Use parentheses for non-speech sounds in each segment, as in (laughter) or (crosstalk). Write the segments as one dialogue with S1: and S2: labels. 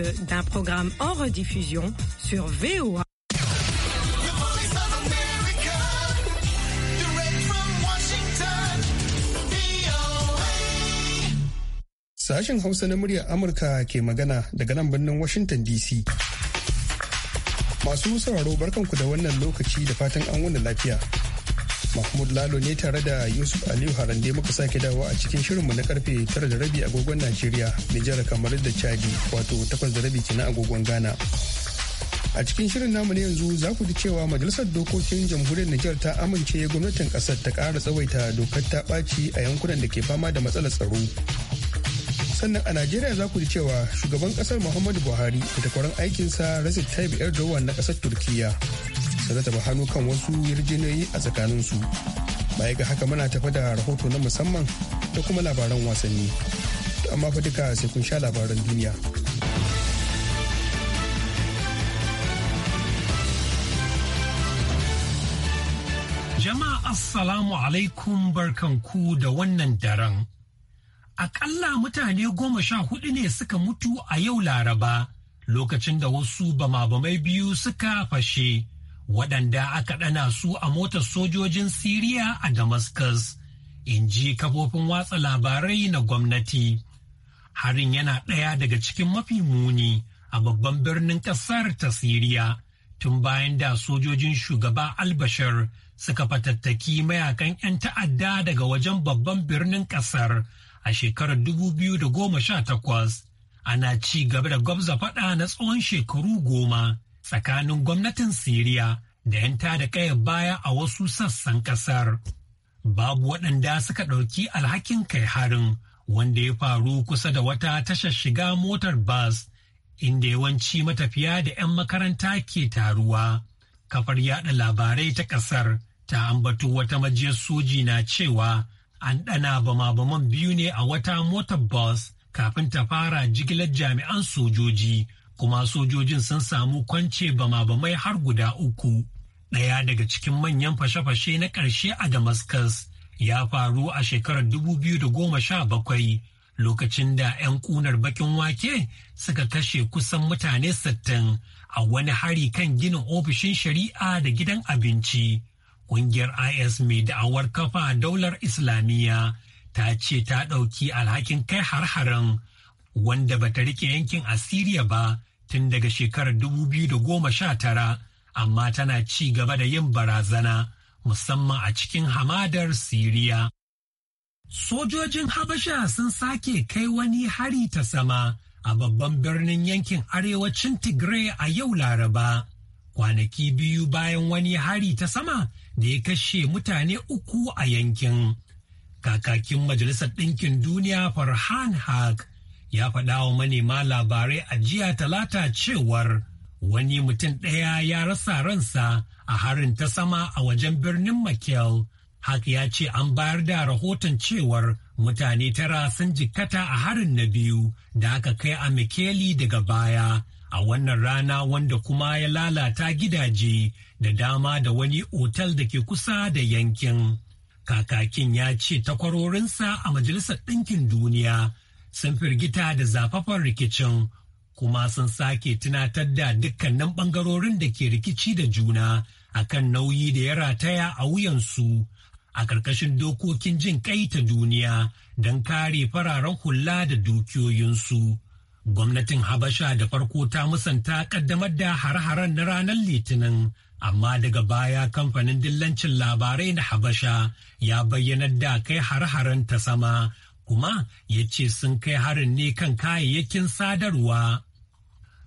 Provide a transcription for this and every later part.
S1: d'un programme en rediffusion sur VOA.
S2: Sashen Hausa na muryar Amurka ke magana daga nan birnin Washington DC. Masu sauraro barkanku da wannan lokaci da fatan an wani lafiya. Mahmud Lalo ne tare da Yusuf Aliyu Harande muka sake dawo a cikin shirinmu na karfe tara da rabi agogon Najeriya, Nijar kamar da Chadi wato takwas da rabi kenan agogon Ghana. A cikin shirin namu ne yanzu za ku ji cewa Majalisar Dokokin Jamhuriyar Nijar ta amince gwamnatin kasar ta kara tsawaita dokar ta ɓaci a yankunan da ke fama da matsalar tsaro. Sannan a Najeriya za ku ji cewa shugaban kasar Muhammadu Buhari da takwaran aikinsa Recep taib Erdogan na kasar Turkiyya su rataba hannu kan wasu yarjejeniyoyi a tsakaninsu baya ga haka muna tafa da rahoto na musamman da kuma labaran wasanni To amma fa duka sai kun sha labaran duniya
S3: jama'a assalamu alaikum barkanku da wannan daren akalla mutane goma sha hudu ne suka mutu a yau laraba lokacin da wasu bama-bamai biyu suka fashe waɗanda aka ɗana su a motar sojojin Siriya a Damascus, in ji kafofin watsa labarai na gwamnati. Harin yana ɗaya daga cikin mafi muni a babban birnin ƙasar ta Siriya tun bayan da sojojin shugaba albashar suka fatattaki mayakan 'yan ta'adda daga wajen babban birnin ƙasar a shekarar 2018 ana ci gaba da gwabza faɗa na tsawon shekaru goma. tsakanin gwamnatin Siriya da 'yan tada kaya baya a wasu sassan kasar. Babu waɗanda suka ɗauki alhakin kai harin wanda ya faru kusa da wata tashar shiga motar bas inda yawanci matafiya da 'yan makaranta ke taruwa. Kafar yada labarai ta ƙasar ta ambato wata majiyar soji na cewa an ɗana bama-baman biyu ne a wata motar bas kafin ta fara jigilar jami'an sojoji kuma sojojin sun samu kwance bama-bamai har guda uku. Ɗaya daga cikin manyan fashe-fashe na ƙarshe a Damascus ya faru a shekarar 2017 lokacin da 'yan ƙunar bakin wake suka kashe kusan mutane sittin, a wani hari kan ginin ofishin shari'a da gidan abinci. Ƙungiyar IS mai da'awar kafa daular Islamiyya ta ce ta ɗauki alhakin kai har-haren. wanda bata rike yankin Asiriya ba tun daga shekarar 2019 amma tana ci gaba da yin barazana musamman a cikin hamadar Siriya. Sojojin Habasha sun sake kai wani hari ta sama a babban birnin yankin arewacin Tigray a yau Laraba. Kwanaki biyu bayan wani hari ta sama da ya kashe mutane uku a yankin. Kakakin Majalisar Ɗinkin Duniya Farhan Haq ya faɗa wa manema labarai a jiya talata cewar wani mutum ɗaya ya rasa ransa a harin ta sama a wajen birnin Makel. haka ya ce an bayar da rahoton cewar mutane tara sun jikkata a harin na biyu da aka kai a Mikeli daga baya a wannan rana wanda kuma ya lalata gidaje da dama da wani otal da ke kusa da yankin. Kakakin ya ce takwarorinsa a Majalisar Ɗinkin Duniya sun firgita da zafafan rikicin kuma sun sake tunatar da dukkanin ɓangarorin da ke rikici da juna a kan nauyi da ya rataya a wuyansu a ƙarƙashin dokokin jin ta duniya don kare fararen hula da dukiyoyinsu. Gwamnatin Habasha da farko ta musanta ƙaddamar da har-haren na ranar Litinin, amma daga baya kamfanin dillancin labarai na Habasha ya bayyana da kai har-haren ta sama kuma ya ce sun kai harin ne kan kayayyakin sadarwa.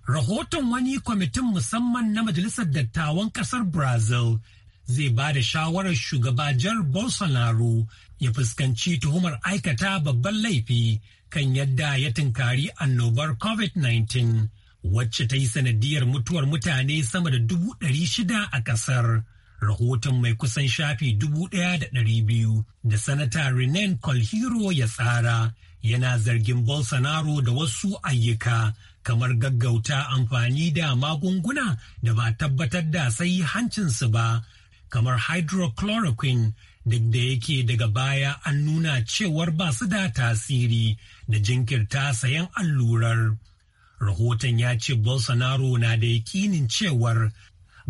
S3: Rahoton wani kwamitin musamman na Majalisar Dattawan Ƙasar Brazil zai ba da shawarar shugaba jar Bolsonaro ya fuskanci tuhumar aikata babban laifi kan yadda ya tunkari annobar COVID-19 wacce ta yi sanadiyar mutuwar mutane sama da dubu ɗari shida a ƙasar. rahoton mai kusan shafi dubu ɗaya da ɗari biyu da sanata renan colhiro ya tsara yana zargin bolsonaro da wasu ayyuka kamar gaggauta amfani da magunguna da ba tabbatar da sai hancinsu ba kamar hydrochloroquine duk da yake daga baya an nuna cewar ba su da tasiri da jinkirta sayan allurar rahoton ya ce bolsonaro na da yakinin cewar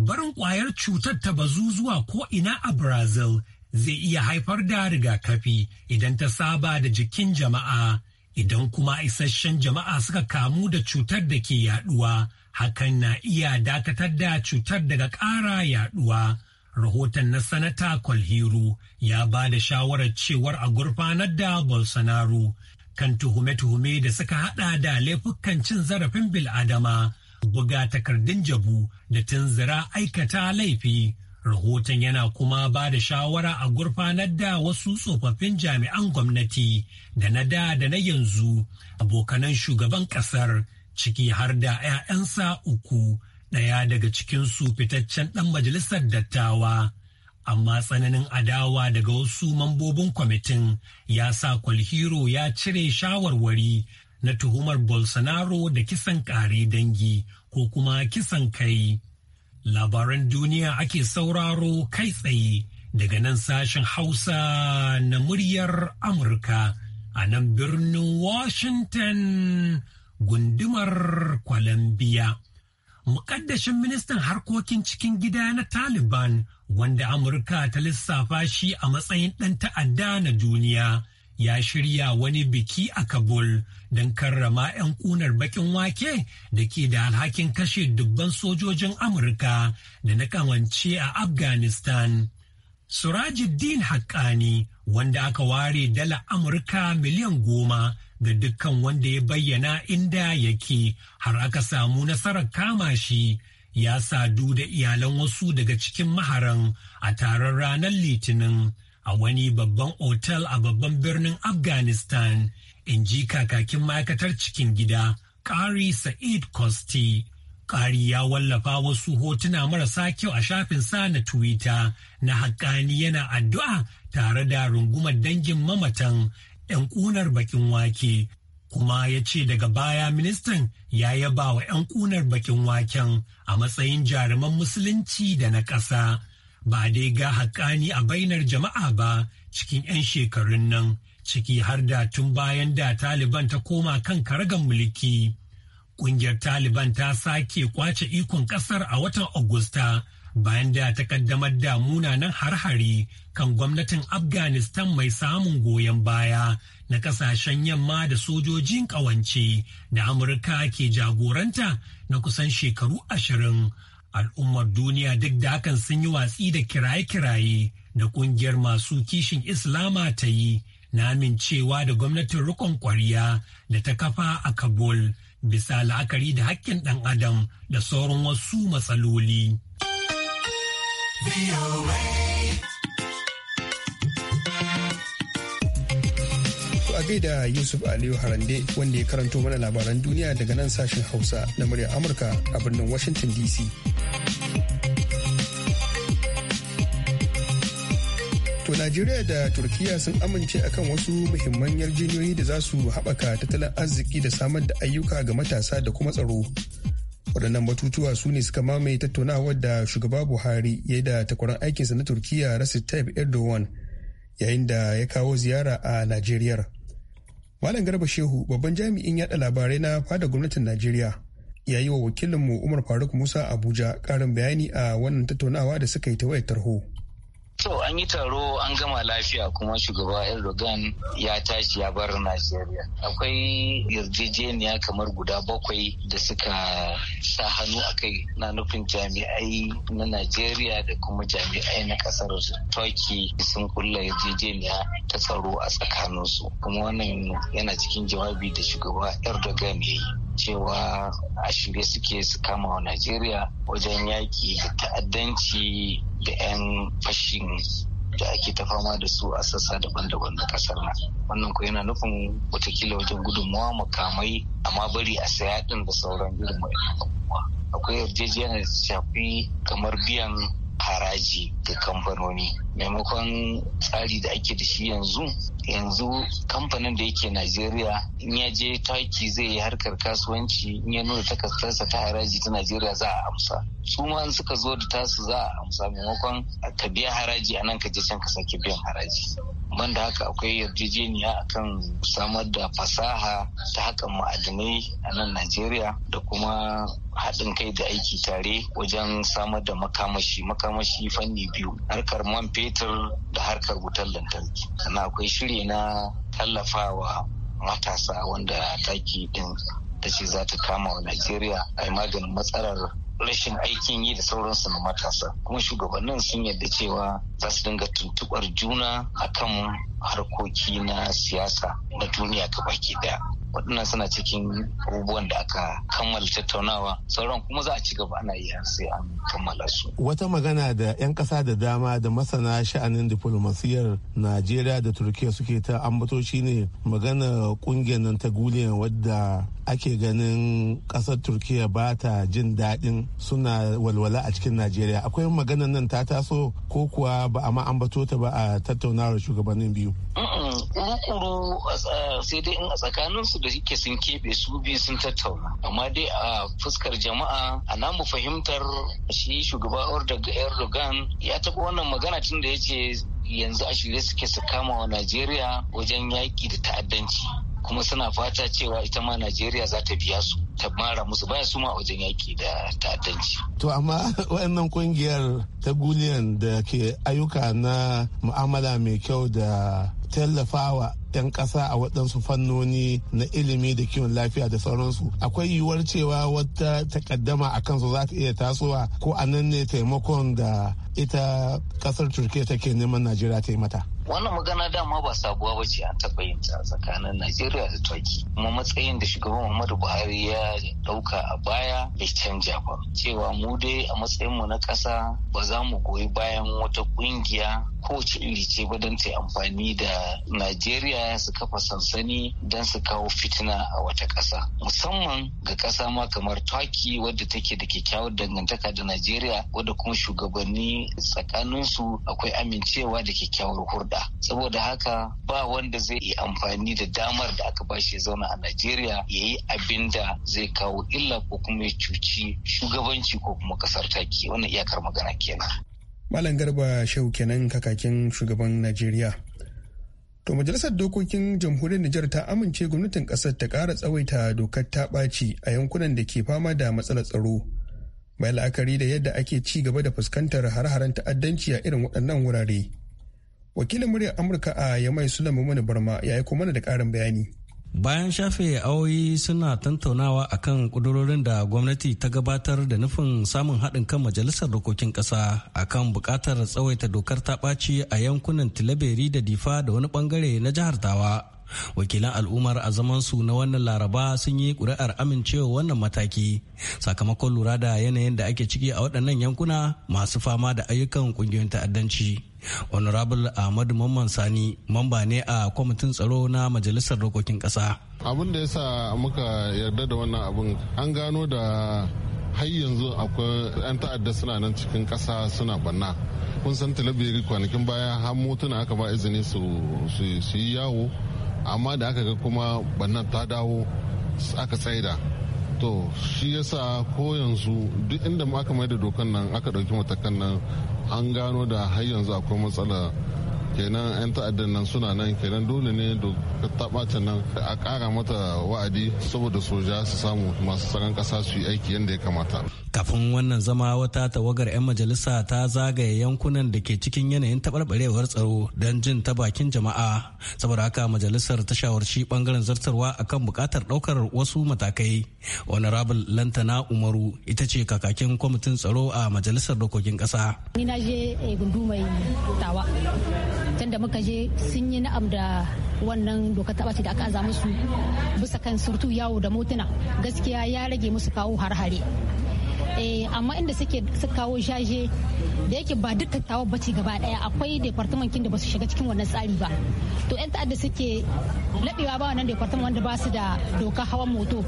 S3: barin kwayar cutar ta bazu zuwa ko ina a Brazil zai iya haifar da rigakafi idan ta saba da jikin jama'a idan kuma isasshen jama'a suka kamu da cutar da ke yaduwa hakan na iya dakatar da cutar daga ƙara yaduwa rahoton na sanata kwalhiru ya ba da shawarar cewar a gurfanar da bolsonaro kan tuhume-tuhume da suka hada da laifukan cin zarafin bil'adama buga takardun jabu da tunzura aikata laifi. Rahoton yana kuma ba da shawara a gurfanar da wasu tsofaffin jami'an gwamnati da na da da na yanzu abokanan shugaban ƙasar ciki har da 'ya'yansa uku ɗaya daga cikinsu fitaccen ɗan majalisar dattawa. Amma tsananin adawa daga wasu mambobin kwamitin ya sa kwalhiro ya cire shawarwari na tuhumar Bolsonaro da kisan kare dangi ko kuma kisan kai. Labaran duniya ake sauraro kai tsaye daga nan sashen Hausa na muryar Amurka a nan birnin Washington gundumar Columbia. Mukaddashin ministan harkokin cikin gida na Taliban wanda Amurka ta lissafa shi a matsayin ɗan ta'adda na duniya. ya shirya wani biki a Kabul don karrama 'yan kunar bakin wake da ke da alhakin kashe dubban sojojin Amurka da na kamance a Afghanistan. Surajiddin Haqqani wanda aka ware dala Amurka miliyan goma ga dukkan wanda ya bayyana inda yake har aka samu nasarar kama shi ya sadu da iyalan wasu daga cikin maharan a taron ranar Litinin. a wani babban otal a babban birnin Afghanistan, in ji kakakin ma'aikatar cikin gida, ƙari Sa'id Kosti. Ƙari ya wallafa wasu hotuna marasa kyau a shafinsa na Twitter na haƙƙani yana addu'a tare da rungumar dangin mamatan 'yan ƙunar bakin wake. Kuma ya ce daga baya ministan ya yaba wa 'yan ƙunar bakin waken a matsayin jaruman musulunci da na ƙasa. ba dai ga haƙani a bainar jama'a ba cikin 'yan shekarun nan ciki har da tun bayan da taliban ta koma kan karagan mulki ƙungiyar taliban ta sake kwace ikon ƙasar a watan agusta bayan da ta kaddamar da munanan har-hari kan gwamnatin afghanistan mai samun goyon baya na ƙasashen yamma da sojojin ƙawance da amurka ke jagoranta na kusan shekaru ashirin al'ummar duniya duk da hakan sun yi watsi da kiraye-kiraye da kungiyar masu kishin islama ta yi na amincewa da gwamnatin rikon kwariya da ta kafa a kabul bisa la'akari da hakkin ɗan adam da sauran wasu matsaloli.
S2: a gaida Yusuf Aliyu Harande wanda ya karanto mana labaran duniya daga nan sashen Hausa na muryar Amurka a birnin Washington DC. To Najeriya da Turkiya sun amince akan wasu muhimman yarjejeniyoyi da za su haɓaka tattalin arziki da samar da ayyuka ga matasa da kuma tsaro. waɗannan batutuwa su ne suka mamaye tattaunawar da shugaba buhari ya yi da takwaran aikinsa na turkiya rasit tayyip erdogan yayin da ya kawo ziyara a najeriya Malam Garba Shehu babban jami'in yada labarai na fada gwamnatin Najeriya ya yi wa wakilinmu Umar Faruk Musa Abuja karin bayani a wannan tattaunawa da suka yi ta wayar tarho.
S4: To an yi taro an gama lafiya kuma shugaba Erdogan ya tashi ya bar Najeriya. Akwai yarjejeniya kamar guda bakwai da suka sa hannu a kai na nufin jami'ai na Najeriya da kuma jami'ai na kasar Turki sun kulla yarjejeniya ta tsaro a tsakaninsu. Kuma wannan yana cikin jawabi da shugaba Erdogan ya yi. cewa a shirye suke su kama wa Najeriya wajen yaƙi da ta'addanci da 'yan fashin da ake ta fama da su a sassa daban-daban na ƙasar nan wannan ko yana nufin watakila wajen gudunmawa makamai amma bari a saya din da sauran gudunmawa akwai yarjejeniyar da shafi kamar biyan haraji ga kamfanoni maimakon tsari da ake da shi yanzu yanzu kamfanin da yake najeriya in ya je taki zai yi harkar kasuwanci in ya nuna takastarsa ta haraji ta najeriya za a amsa su ma suka zo da tasu za a amsa maimakon ka biya haraji a nan ka je can ka sake biyan haraji ban da haka akwai yarjejeniya akan samar da fasaha ta hakan ma'adinai a nan najeriya da kuma haɗin kai da aiki tare wajen samar da makamashi makamashi fanni biyu harkar man fetur fetur da harkar wutar lantarki sannan akwai shiri na tallafawa matasa wanda taki din ta ce za ta kama wa najeriya a yi maganin matsalar rashin aikin yi da sauransu na matasa kuma shugabannin sun yarda cewa za su dinga tuntuɓar juna akan harkoki na siyasa na duniya gabaki ɗaya. waɗannan suna cikin abubuwan da aka kammala tattaunawa sauran kuma za a ci gaba ana yi har sai an kammala su.
S1: Wata magana da 'yan ƙasa da dama da masana sha'anin diflomasiyyar Najeriya da Turkiya suke ta ambato ne magana ƙungiyar nan ta guliyan wadda ake ganin ƙasar Turkiyya ba ta jin daɗin suna walwala a cikin Najeriya. Akwai maganan nan ta taso ko kuwa ba a ma ambato ta ba a tattaunawar shugabannin biyu.
S4: Kuru sai dai in da yake sun keɓe su biyu sun tattauna amma dai a fuskar jama'a a namu fahimtar shi shugaba Erdogan ya taɓa wannan magana tun da ya ce yanzu a shirye suke su kama wa Najeriya wajen yaƙi da ta'addanci. kuma suna fata cewa ita ma Najeriya za ta biya su ta mara musu baya su ma wajen yaƙi da
S1: ta'addanci. To amma (laughs) wayannan kungiyar ta guliyan da ke ayyuka na mu'amala mai kyau da tallafawa 'yan ƙasa a waɗansu fannoni na ilimi da kiwon lafiya da sauransu akwai yiwuwar cewa wata takaddama a kansu za ta iya tasowa ko a nan ne taimakon da ita ƙasar turkiya take neman najeriya ta yi mata
S4: wannan magana dama ba sabuwa ba ce an taɓa yin ta tsakanin najeriya da turki kuma matsayin da shugaban muhammadu buhari ya ɗauka a baya bai canja ba cewa mu dai a matsayin mu na ƙasa ba za mu goyi bayan wata ƙungiya kowace iri ce ba don ta amfani da najeriya su kafa sansani don su kawo fitina a wata ƙasa musamman ga ƙasa ma kamar turkey wadda take da kyakkyawar dangantaka da najeriya wadda kuma shugabanni tsakaninsu akwai amincewa da kyakkyawar hurɗa saboda haka ba wanda zai yi amfani da damar da aka bashi ya zauna a najeriya ya yi abin da zai kawo illa ko kuma ya cuci shugabanci ko kuma ƙasar taki wannan iyakar magana kenan
S2: Malam Garba Shehu kenan kakakin shugaban Najeriya. To majalisar dokokin jamhuriyar Nijar ta amince gwamnatin kasar ta kara tsawaita dokar ta ɓaci a yankunan da ke fama da matsalar tsaro. Mai la'akari da yadda ake ci gaba da fuskantar har-haren ta'addanci a irin waɗannan wurare. Wakilin muryar Amurka a Yamai Sulaiman Barma ya yi mana da ƙarin
S5: bayani. bayan shafe awoyi suna tantaunawa akan kudurorin da gwamnati ta gabatar da nufin samun haɗin kan majalisar dokokin ƙasa akan buƙatar tsawaita dokar ta ɓaci a yankunan tilaberi da difa da wani ɓangare na jihar tawa wakilan al'ummar a su na wannan laraba sun yi ƙuri'ar amincewa wannan mataki sakamakon lura da yanayin da ake ciki a waɗannan yankuna masu fama da ayyukan ƙungiyoyin ta'addanci honorable ahmad mamman sani mamba ne a kwamitin tsaro na majalisar dokokin kasa
S1: abin da yasa muka yarda da wannan abin an gano da har yanzu akwai 'yan ta'adda suna nan cikin kasa suna banna kun san talabiri kwanakin baya har motuna aka ba izini su yi yawo amma da aka ga kuma bannan ta dawo aka tsaida to shi yasa ko yanzu duk inda aka mai da dokan nan aka ɗauki matakan nan an gano da har yanzu akwai matsala kenan 'yan ta'addan nan suna nan kenan dole ne da taɓacin nan a kara mata wa'adi saboda soja su samu masu tsaron kasa su yi aiki yadda ya kamata.
S5: Kafin wannan zama wata tawagar 'yan majalisa ta zagaye yankunan da ke cikin yanayin taɓarɓarewar tsaro don jin ta bakin jama'a. Saboda haka majalisar ta shawarci ɓangaren zartarwa akan buƙatar ɗaukar wasu matakai. Honorable Lantana Umaru ita ce kakakin kwamitin tsaro a majalisar dokokin ƙasa.
S4: Ni na je eh, gundu tawa. tunda muka je sun yi na'am da wannan doka ta da aka aza musu bisa kan surtu yawo da motuna gaskiya ya rage musu kawo har-hare Eh, amma inda suke suka kawo jaje da yake ba duka tawa bace gaba daya akwai department kin da basu shiga cikin wannan tsari ba to yan ta'adda suke labewa ba wannan department wanda ba su da doka hawan moto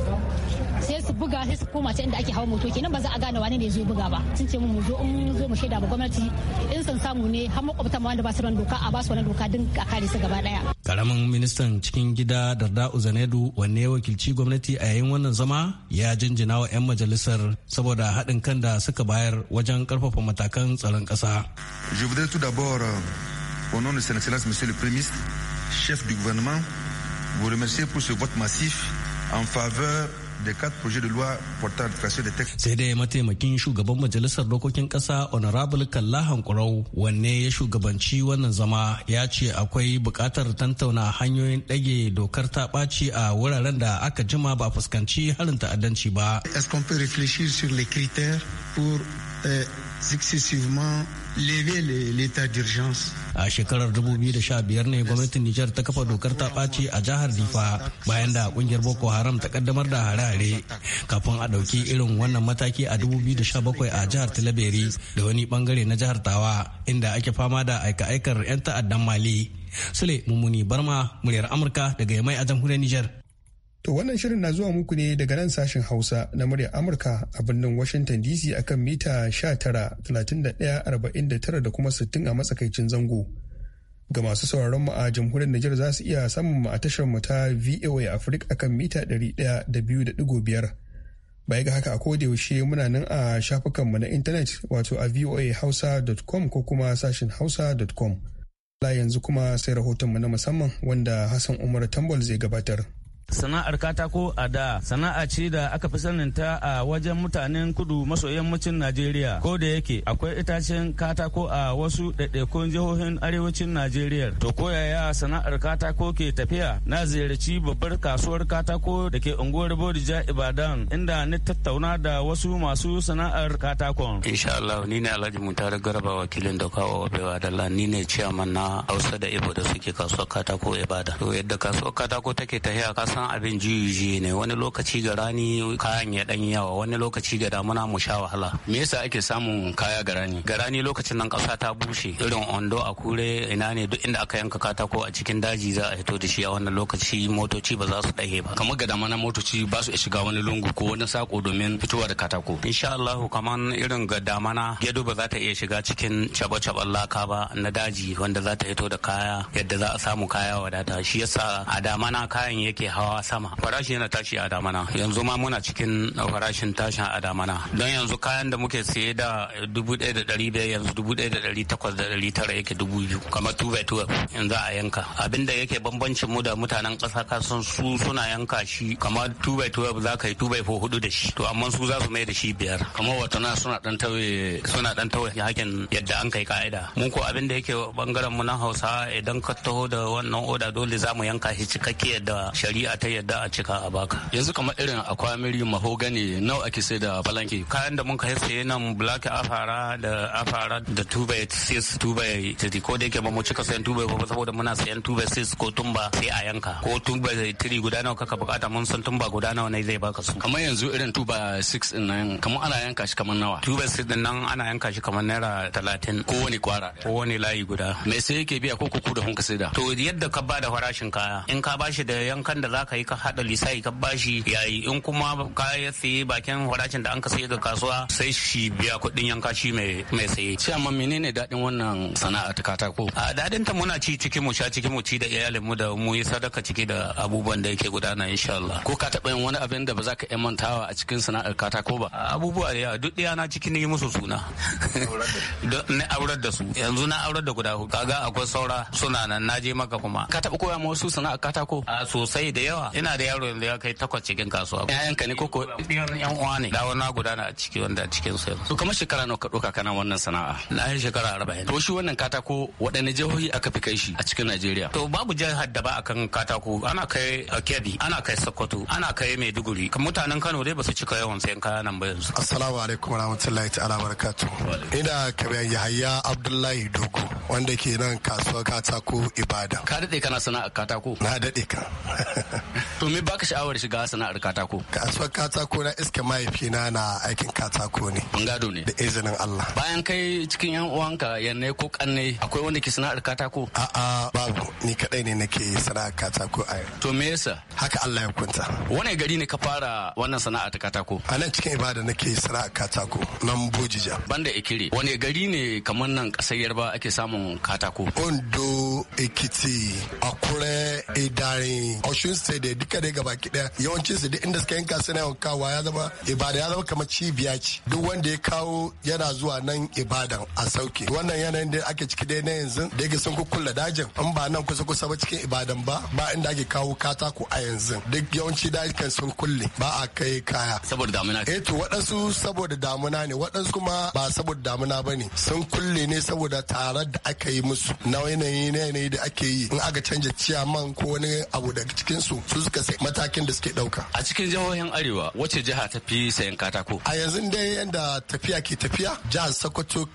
S4: sai su buga sai su koma ta inda ake hawan moto kenan ba za a gane wani ne zai buga ba sun ce mu zo in zo mu shaida ba gwamnati in san samu ne har ma wanda ba su da doka a ba su wannan doka din a kare su gaba daya
S5: karamin ministan cikin gida darda uzanedu wanne wakilci gwamnati a yayin wannan zama ya jinjina wa 'yan majalisar saboda haɗin kan da suka bayar wajen karfafa matakan tsaron ƙasa. je euh, de da quatre projets de loi portant application des textes. Sai dai mataimakin shugaban majalisar dokokin kasa Honorable Kalla Hankurau wanne ya shugabanci wannan zama ya ce akwai buƙatar tantauna hanyoyin dage dokar ta ɓaci a wuraren da aka jima ba fuskanci harin ta'addanci ba. Est-ce qu'on peut réfléchir sur les critères pour euh, successivement A shekarar 2015 ne gwamnatin Nijar ta kafa dokar ta ɓaci a jihar Difa bayan da kungiyar Boko Haram ta kaddamar da harare kafin a ɗauki irin wannan mataki a 2017 a jihar Talaberi da wani bangare na jihar Tawa inda ake fama da aika-aikar 'yan ta'addan Mali. Sule Mummuni Barma, muryar Amurka daga Yamai a jamhuriyar Nijar.
S2: To wannan shirin na zuwa muku ne daga nan sashen Hausa na muryar Amurka a birnin Washington DC akan mita 19,31,49 da kuma 60 a matsakaicin zango. Ga masu sauraron mu a jamhuriyar Nijar za su iya samun mu a tashar mu ta VOA Africa akan mita 100.5. Baya ga haka a koda yaushe muna nan a shafukan mu na intanet wato a voahausa.com ko kuma sashen hausa.com. La yanzu kuma sai rahoton mu na musamman wanda Hassan Umar Tambol zai gabatar.
S6: sana'ar katako a da sana'a ce da aka fi saninta a wajen mutanen kudu maso yammacin najeriya ko da yake akwai itacen katako a wasu ɗaiɗaikun jihohin arewacin najeriya to koyaya sana'ar katako ke tafiya na ziyarci babbar kasuwar katako da ke unguwar bodija ibadan inda ni tattauna da wasu masu sana'ar katakon insha Allah ni ne Alhaji Muntari Garba wakilin da kawo Bewa Dalla ni ne ciyaman na Hausa da Ibo da suke kasuwar katako Ibadan to yadda kasuwar katako take tafiya kasan san abin juyi ne wani lokaci ga rani kayan ya dan yawa wani lokaci ga damuna mu sha wahala me yasa ake samun kaya ga rani ga rani lokacin nan kasa ta bushe irin ondo a kure ina ne duk inda aka yanka katako a cikin daji za a fito da shi a wannan lokaci motoci ba za su dage ba kamar ga damuna motoci ba su shiga wani lungu ko wani sako domin fitowa da katako insha Allah kamar irin ga damana gedo ba za ta iya shiga cikin caba-caban laka ba na daji wanda za ta fito da kaya yadda za a samu kaya wadata shi yasa a damana kayan yake hawa hawa sama farashin yana tashi a damana yanzu ma muna cikin farashin tashin a damana don yanzu kayan da muke siye da dubu ɗaya da ɗari biyar yanzu dubu ɗaya da ɗari takwas da ɗari tara yake dubu biyu kamar two by two yanzu a yanka abin da yake bambancin mu da mutanen ƙasa kasan su suna yanka shi kamar two by two za ka yi two by four hudu da shi to amma su za su mai da shi biyar kamar watana suna ɗan tauye suna ɗan tauye hakin yadda an kai ka'ida mun ko abin da yake bangaren mu na hausa idan ka taho da wannan oda dole za mu yanka shi cikakke yadda shari'a ta yadda a cika a baka yanzu kamar irin akwamiri mahogani nawa ake sai da balanke kayan da muka saye nan black afara da afara da tuba sis tuba tiri ko da yake ba mu cika sayan tuba ba saboda muna sayan tuba sis ko tumba sai a yanka ko tuba tiri guda nawa kaka bukata mun san tumba guda nawa ne zai baka su kamar yanzu irin tuba 6 din nan kamar ana yanka shi kamar nawa tuba 6 din nan ana yanka shi kamar naira 30 wani kwara ko wani layi guda me sai yake biya ko kuku da hunka sai da to yadda ka ba da farashin kaya in ka ba shi da yankan da za za ka yi ka haɗa lisai ka bashi yayi in kuma ka sayi bakin farashin da an ka sayi ga kasuwa sai shi biya kuɗin yanka shi mai mai saye. Shi amma menene daɗin wannan sana'a ta katako? A daɗin ta muna ci cikin mu sha cikin mu ci da iyalin mu da mu yi sadaka ciki da abubuwan da yake gudana insha Allah. Ko ka taɓa yin wani abin da ba za ka iya mantawa a cikin sana'ar katako ba? Abubuwa da duk ɗaya na cikin yi musu suna. (laughs) Na aurar da su. Yanzu na aurar da guda Ka Kaga akwai saura suna nan na je maka kuma. Ka taɓa koya ma wasu sana'ar katako? A sosai da yawa ina da yaro yanzu ya kai takwas cikin kasuwa yayan ka ne ko ko yan uwa ne dawo na gudana a ciki wanda cikin sai to kamar shekara nawa ka ɗauka kana wannan sana'a na yi shekara arba'in to shi wannan katako waɗanne jihohi aka fi kai shi a cikin Najeriya to babu jihar da ba akan katako ana kai Kebbi ana kai Sokoto ana kai Maiduguri mutanen Kano dai ba su cika yawan sayan kaya nan ba yanzu
S7: assalamu alaikum warahmatullahi ta'ala barakatuh ina kabiyan Yahaya Abdullahi Dogo wanda ke nan kasuwar katako Ibadan ka dade kana sana'a katako na dade ka (laughs) to me baka sha'awar shiga sana'ar katako kasuwar katako na iska mahaifina na aikin katako ne gado ne da izinin Allah bayan kai cikin yan uwanka yanne ko kanne akwai wanda ke sana'ar katako a'a babu ni kadai ne nake sana'ar katako a to me yasa haka Allah ya kunta wani gari ne ka fara wannan sana'a ta katako a nan cikin ibada nake sana'ar katako nan bujija
S6: banda ikire wani gari ne kamar nan kasar yarba ake samun katako
S7: ondo ekiti akure idarin osun sai da duka dai gaba daya yawancin su duk inda suka yanka suna yawan kawa ya zama ibada ya zama kamar cibiya ce duk wanda ya kawo yana zuwa nan ibadan a sauke wannan yanayin da ake ciki dai na yanzu da yake sun kukkula dajin in ba nan kusa kusa ba cikin ibadan ba ba inda ake kawo katako a yanzu duk yawanci dajikan sun kulle ba a kai kaya saboda damuna eh to waɗansu saboda damuna ne waɗansu kuma ba saboda damuna ba ne sun kulle ne saboda tarar da aka yi musu na yanayi na yanayi da ake yi in aka canja ciyaman ko wani abu daga cikin su su suka sai matakin da suke dauka a cikin jihohin arewa wace jiha ta fi sayan katako a yanzu dai yanda tafiya ke tafiya jihar sokoto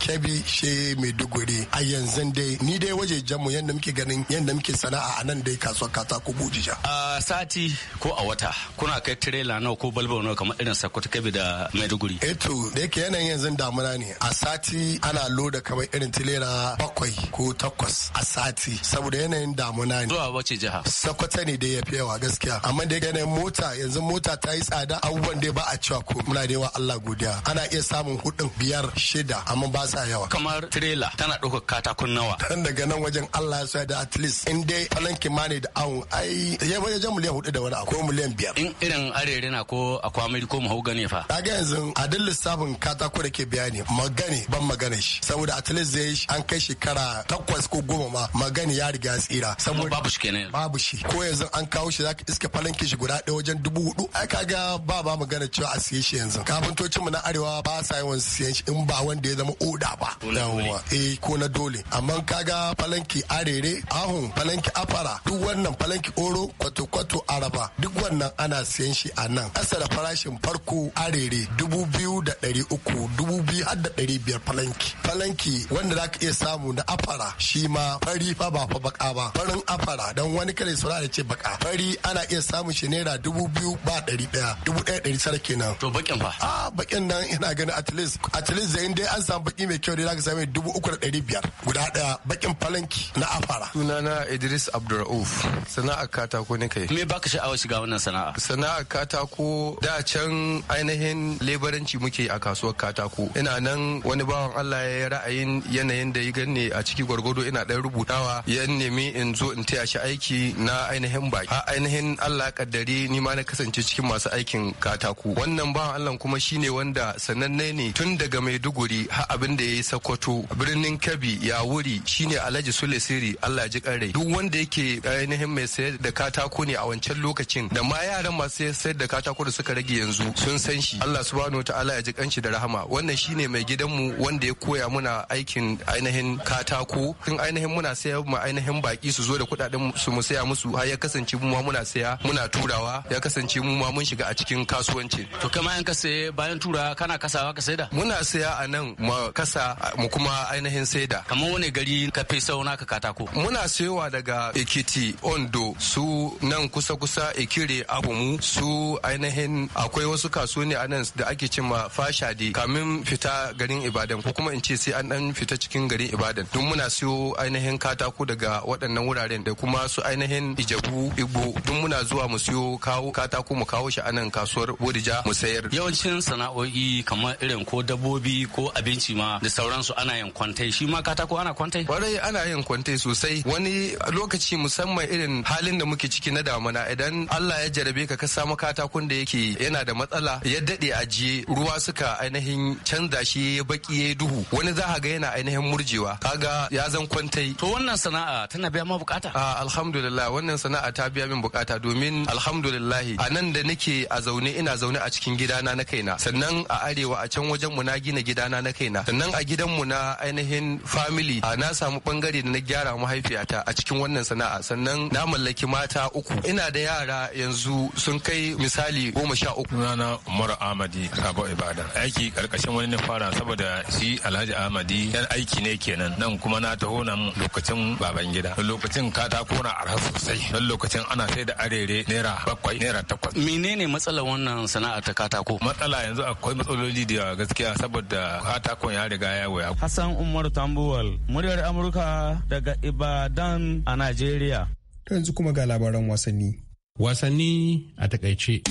S7: kebi she maiduguri a yanzu dai ni dai waje jamu yanda muke ganin yanda muke sana'a a nan dai kasuwar katako bujija
S6: a sati ko a wata kuna kai tirela nawa ko balba nawa kamar irin sokoto kebi da maiduguri eh
S7: to da yake yanayin yanzu damuna ne a sati ana loda kamar irin tilera bakwai ko takwas a sati saboda yanayin damuna ne zuwa wace jiha sokoto ne da ya fi yawa gaskiya amma da yanayin mota yanzu mota ta yi tsada abubuwan dai ba a cewa ko muna da yawa Allah godiya ana iya samun hudun biyar shida amma ba sa yawa
S6: kamar trailer tana ɗauka katakun nawa
S7: dan daga nan wajen Allah ya soya da at least in dai ma ne da awon ai ya wajen miliyan hudu da wani akwai miliyan
S6: biyar in irin arere na ko akwamiri ko mahauga Gane fa
S7: kaga yanzu a duk lissafin katako da ke bayani magani ban magana shi saboda at least zai an kai shekara takwas ko goma ma magani ya riga tsira saboda babu shi kenan babu shi ko yanzu an kawo shi zaka iska falanke shi guda ɗaya wajen dubu hudu ai kaga ba ba magana cewa a siye shi yanzu kafintocinmu na arewa ba sa yawan siyan shi in ba wanda ya zama oda ba yawwa eh ko na dole amma kaga falanki arere ahun falanki afara duk wannan falanki oro kwato kwato araba duk wannan ana siyan shi a nan asara farashin farko arere dubu biyu da ɗari uku dubu biyu har da ɗari biyar falanki falanki wanda zaka iya samu na afara shi ma fari fa ba fa baka ba farin afara don wani kare sura da ce ake baka fari ana iya samun shi naira dubu biyu ba ɗari ɗaya dubu ɗaya ɗari tara kenan to bakin fa a bakin nan ina ganin at least at least zai inda an samu baki mai kyau dai zaka samu dubu uku da ɗari biyar guda ɗaya bakin falanki
S8: na afara sunana Idris Abdurrauf sana'a katako ne kai me baka sha'awar shiga wannan sana'a sana'a katako da can ainihin lebaranci muke a kasuwar katako ina nan wani bawan Allah ya ra'ayin yanayin da ya gani a ciki gwargwado ina ɗan rubutawa ya nemi in zo in taya shi aiki na ainihin baki a ainihin Allah kaddare ni ma na kasance cikin masu aikin katako wannan ba Allah kuma shine wanda sananne ne tun daga Maiduguri har abin da yayi Sokoto birnin Kabi ya wuri shine Alhaji Sule Siri Allah ji kare duk wanda yake ainihin mai sayar da katako ne a wancan lokacin da ma yaran masu sayar da katako da suka rage yanzu sun san shi Allah subhanahu wataala ya ji kanci da rahama wannan shine mai gidanmu wanda ya koya muna aikin ainihin katako tun ainihin muna sayar ma ainihin baki su zo da kudaden su mu saya musu har ya kasance mu ma muna saya muna turawa ya kasance mu ma mun shiga a cikin kasuwanci
S6: to kama yan ka saye bayan tura kana kasawa ka saida muna saya a nan mu kasa mu kuma ainihin saida kamar wani gari ka fi sauna ka katako muna
S8: sayowa daga Ekiti Ondo su nan kusa kusa abu Abumu su ainihin akwai wasu kasuwanni a nan da ake fasha fashadi kamin fita garin Ibadan ko kuma in ce sai an dan fita cikin garin Ibadan don muna siyo ainihin katako daga waɗannan wuraren da kuma su ainihin ijabu dubu igbo tun muna zuwa mu siyo kawo katako mu kawo shi a nan kasuwar bodija
S6: mu sayar yawancin sana'o'i kamar irin ko dabbobi ko abinci ma da sauransu ana yin kwantai shi ma katako
S8: ana kwantai kwarai ana yin kwantai sosai wani lokaci musamman irin halin da muke ciki na damuna idan Allah ya jarabe ka ka samu katakon da yake yana da matsala ya dade ajiye ruwa suka ainihin canza shi ya baki ya duhu wani za ga yana ainihin murjewa kaga ya zan kwantai to wannan sana'a tana biya ma bukata ah, alhamdulillah wannan sana'a sana'a ta biya min bukata domin alhamdulillah a nan da nake a zaune ina zaune a cikin gidana na kaina sannan a arewa a can wajen mu na gina gidana na kaina sannan a gidan mu na ainihin family a na samu bangare da na gyara mahaifiyata a cikin wannan sana'a sannan na mallaki mata uku ina da yara yanzu sun kai misali goma sha uku sunana umar amadi rabo
S6: ibada aiki karkashin wani na fara saboda shi alhaji amadi yan aiki ne kenan nan kuma na taho nan lokacin baban gida lokacin katako na arha sosai wani lokacin ana sai da arere naira bakwai naira takwas. Menene matsalar wannan sana'a ta katako? Matsala yanzu akwai matsaloli da gaskiya saboda katakon ya riga ya waya. Hassan Umar Tambuwal, muryar Amurka daga Ibadan a Najeriya. To yanzu kuma ga labaran wasanni. Wasanni
S8: a takaice.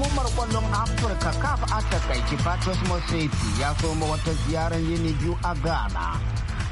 S9: hukumar kwallon afirka kaf a takaici patrice moseti ya soma wata ziyarar yini biyu a ghana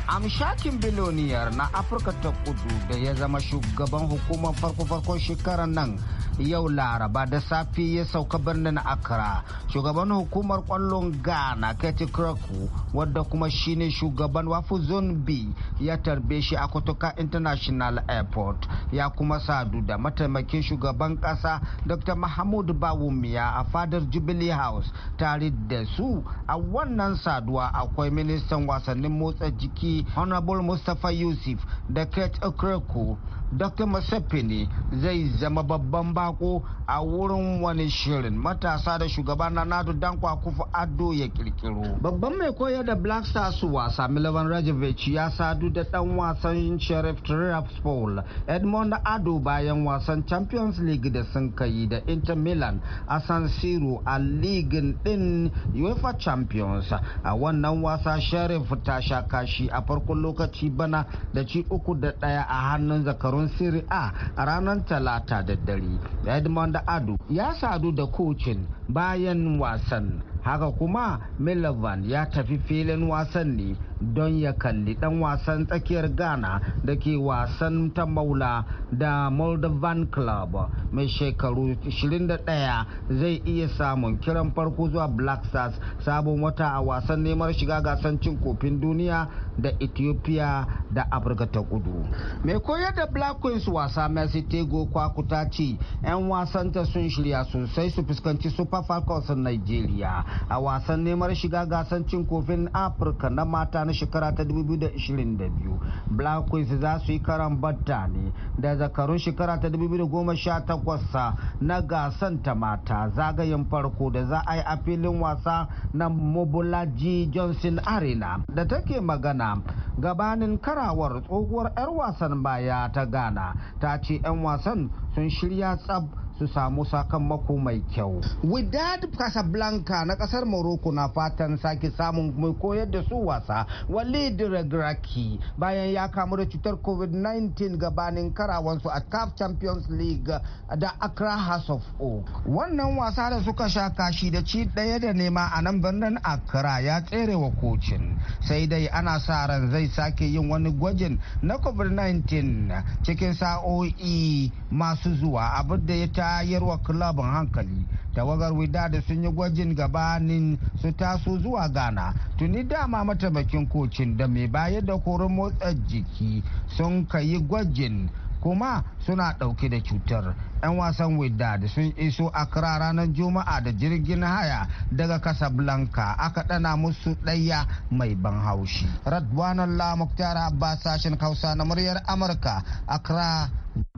S9: amshakin biloniyar na afirka ta kudu da ya zama shugaban hukumar farko-farkon shekarar nan yau laraba da safe ya sauka birnin accra shugaban hukumar kwallon ghana kati kraku wadda kuma shine shugaban wafu zone b ya tarbe shi a kotoka international airport ya kuma sadu da mataimakin shugaban kasa dr mahmud bawumiya a fadar jubilee house tare da su a wannan saduwa akwai ministan wasannin motsa jiki honorable mustapha yusuf da kate kraku Dr. Masafini zai zama babban bako a wurin wani shirin matasa da shugaban na Nadu Dankwa Kufu Ado ya kirkiro. Babban mai koyar da Black Stars wasa Milovan Rajevich ya sadu da dan wasan Sheriff Tiraspol Edmond Ado bayan wasan Champions League da sun kai da Inter Milan a San Siro a ligin din UEFA Champions. A wannan wasa Sheriff ta sha kashi a farkon lokaci bana da ci uku da ɗaya a hannun zakarun taron Serie A ranar Talata da dare. Edmond Ado ya sadu da kocin bayan wasan. Haka kuma Milovan ya tafi filin wasan ne don ya kalli dan wasan tsakiyar ghana da ke wasan ta maula da moldovan club mai shekaru 21 zai iya samun kiran farko zuwa black stars sabon wata a wasan neman shiga gasan cin kofin duniya da ethiopia da afirka ta kudu mai koyar da black queens wasa messi tego kwakuta ce 'yan wasanta sun shirya sosai su fuskanci super falcons nigeria a wasan neman shiga gasan cin kofin afirka na mata na shekara ta 2022 queens za su yi karan batta ne da zakarun shekara ta 2018 na gasan ta mata zagayen farko da za a yi a filin wasa na mobulaji johnson arena da take magana gabanin karawar tsohuwar 'yar wasan baya ta gana ta ce 'yan wasan sun shirya tsab su samu sakamako mai kyau. Widad Casablanca na kasar Morocco na fatan sake samun mai koyar da su wasa Walid Regraki bayan ya kamu da cutar COVID-19 gabanin karawansu a CAF Champions League da Accra House of Oak. Wannan wasa da suka sha kashi da ci ɗaya da nema a nan birnin Accra ya tsere wa kocin. Sai dai ana sa ran zai sake yin wani gwajin na COVID-19 cikin sa'o'i masu zuwa abin da ya ta tayar wa kulabin hankali tawagar da sun yi gwajin gabanin su taso zuwa ghana tuni dama mataimakin kocin da mai bayar da korin motsa jiki sun ka yi gwajin kuma suna ɗauke da cutar 'yan wasan da sun iso a kira ranar juma'a da jirgin haya daga casablanca aka ɗana musu ɗaya mai ban haushi radwanan lamuktara ba sashen hausa na muryar amurka accra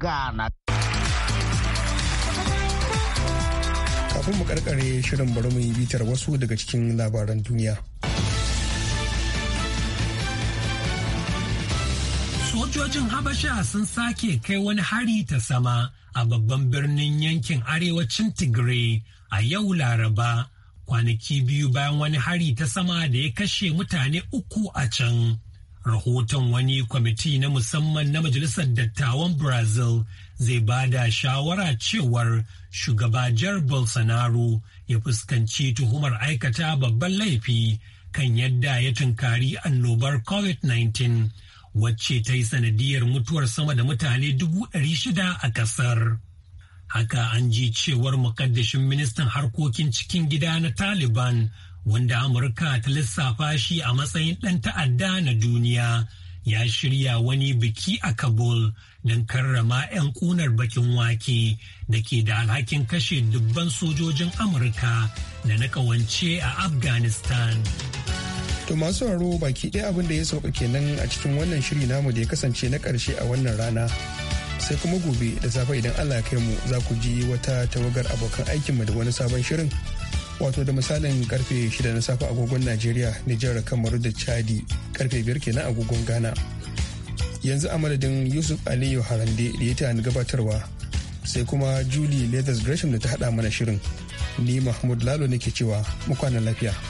S9: ghana kafin mu
S2: karkare shirin bari mu yi bitar wasu daga cikin labaran duniya
S3: sojojin habasha sun sake kai wani hari ta sama a babban birnin yankin arewacin tigray a yau laraba kwanaki biyu bayan wani hari ta sama da ya kashe mutane uku a can rahoton wani kwamiti na musamman na majalisar dattawan brazil zai ba da shawara cewar shugaba jar bolsonaro ya fuskanci tuhumar aikata babban laifi kan yadda ya tunkari annobar covid-19 wacce ta yi sanadiyar mutuwar sama da mutane dubu a kasar haka an ji cewar mukaddashin ministan harkokin cikin gida na taliban wanda amurka ta lissafa shi a matsayin ɗan ta'adda na duniya ya shirya wani biki a Kabul don karrama 'yan kunar bakin wake da ke da alhakin kashe dubban sojojin Amurka da na kawance a Afghanistan.
S2: To masu haro baki ɗaya abin da ya sauka kenan a cikin wannan shiri namu da ya kasance na ƙarshe a wannan rana. Sai kuma gobe da safe idan Allah ya kai mu za ku ji wata tawagar abokan aikinmu da wani sabon shirin. wato da misalin karfe 6 na safe agogon najeriya nijar kamaru da chadi karfe 5 kenan agogon ghana yanzu a madadin yusuf aliyu harande da ya tani gabatarwa sai kuma julie leathers gresham da ta hada mana shirin ni mahmud lalo nake cewa mu kwana lafiya